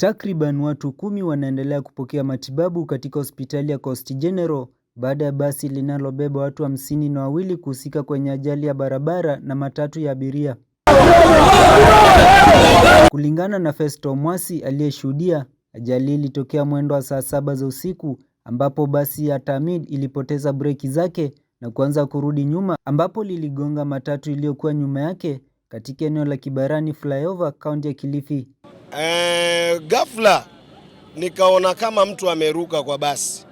Takriban watu kumi wanaendelea kupokea matibabu katika hospitali ya Coast General baada ya basi linalobeba watu hamsini na wawili kuhusika kwenye ajali ya barabara na matatu ya abiria. Kulingana na Festo Mwasi aliyeshuhudia, ajali ilitokea mwendo wa saa saba za usiku ambapo basi ya Tamid ilipoteza breki zake na kuanza kurudi nyuma ambapo liligonga matatu iliyokuwa nyuma yake katika eneo la Kibarani flyover kaunti ya Kilifi. E, ghafla nikaona kama mtu ameruka kwa basi,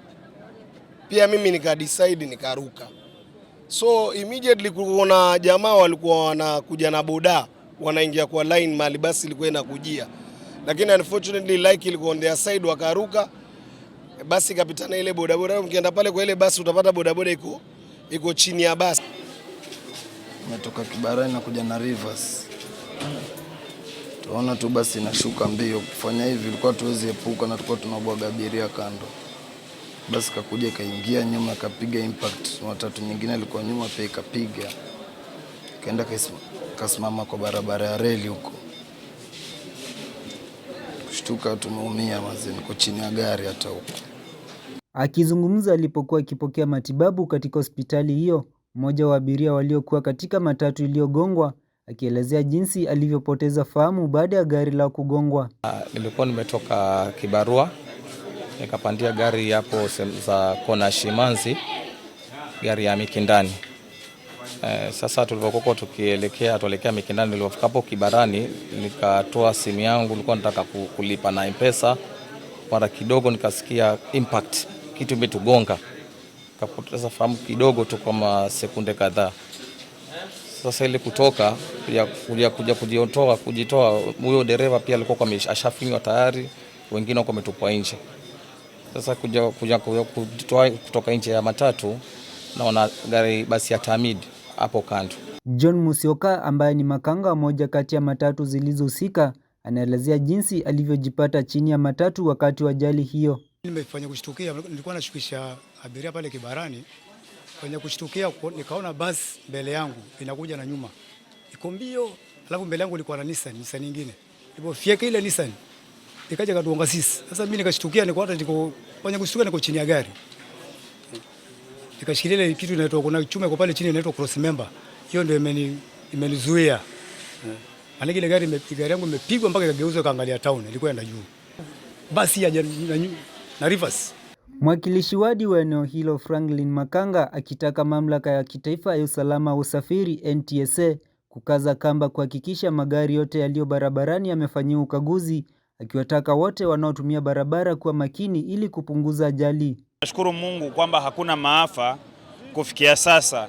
pia mimi nika decide nikaruka. So immediately kuna jamaa walikuwa wanakuja na boda wanaingia kwa line mali basi ilikuwa inakujia, lakini unfortunately like ilikuwa on their side, wakaruka basi kapitana ile bodaboda. Ukienda pale kwa ile basi utapata bodaboda iko iko chini ya basi. Umetoka Kibarani na kuja na Rivers tuona tu basi nashuka mbio. Kufanya hivi ilikuwa tuwezi epuka, na tulikuwa tunabwaga abiria kando, basi kakuja kaingia nyuma kapiga impact, watatu nyingine alikuwa nyuma pia ikapiga, kaenda kasimama kwa barabara ya reli huko, kushtuka tumeumia mazee, niko chini ya gari hata huko. Akizungumza alipokuwa akipokea matibabu katika hospitali hiyo, mmoja wa abiria waliokuwa katika matatu iliyogongwa akielezea jinsi alivyopoteza fahamu baada ya gari la kugongwa. Ah, nilikuwa nimetoka kibarua nikapandia gari hapo za kona Shimanzi, gari ya Mikindani. Eh, sasa tulivyokuwa tukielekea tuelekea Mikindani, nilipofika hapo Kibarani nikatoa simu yangu, nilikuwa nataka kulipa na M-Pesa. Mara kidogo nikasikia impact, kitu imetugonga, kapoteza fahamu kidogo tu, kama sekunde kadhaa sasa ile kutoka kuja kuja kujiondoa kujitoa, huyo dereva pia alikuwa ashafinywa tayari, wengine wako wametupwa nje. Sasa kuja kuja kutoa kutoka nje ya matatu, naona gari basi ya Tamid hapo kando. John musioka ambaye ni makanga moja kati ya matatu zilizohusika anaelezea jinsi alivyojipata chini ya matatu wakati wa ajali hiyo. Nimefanya kushtukia, nilikuwa nashukisha abiria pale Kibarani kwenye kushtukia nikaona basi mbele yangu inakuja na nyuma iko mbio, alafu mbele yangu ilikuwa na Nissan, Nissan nyingine ipo fieke ile Nissan ikaja katuonga sisi. Sasa mimi nikashtukia, niko hata niko kwenye kushtukia, niko chini ya gari nikashikilia ile kitu inaitwa, kuna chuma iko pale chini inaitwa cross member, hiyo ndio imeni imenizuia maana ile gari gari yangu imepigwa mpaka ikageuzwa, kaangalia town ilikuwa inaenda juu, basi ya na, na reverse Mwakilishi wadi wa eneo hilo Franklin Makanga akitaka Mamlaka ya Kitaifa ya Usalama wa Usafiri NTSA kukaza kamba kuhakikisha magari yote yaliyo barabarani yamefanyiwa ukaguzi akiwataka wote wanaotumia barabara kuwa makini ili kupunguza ajali. Nashukuru Mungu kwamba hakuna maafa kufikia sasa,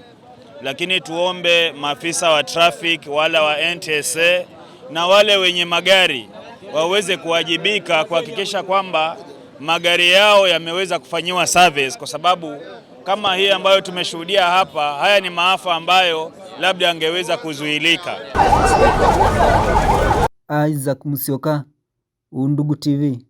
lakini tuombe maafisa wa traffic wala wa NTSA na wale wenye magari waweze kuwajibika kuhakikisha kwamba magari yao yameweza kufanyiwa service, kwa sababu kama hii ambayo tumeshuhudia hapa, haya ni maafa ambayo labda angeweza kuzuilika. Isaac Musioka, Undugu TV.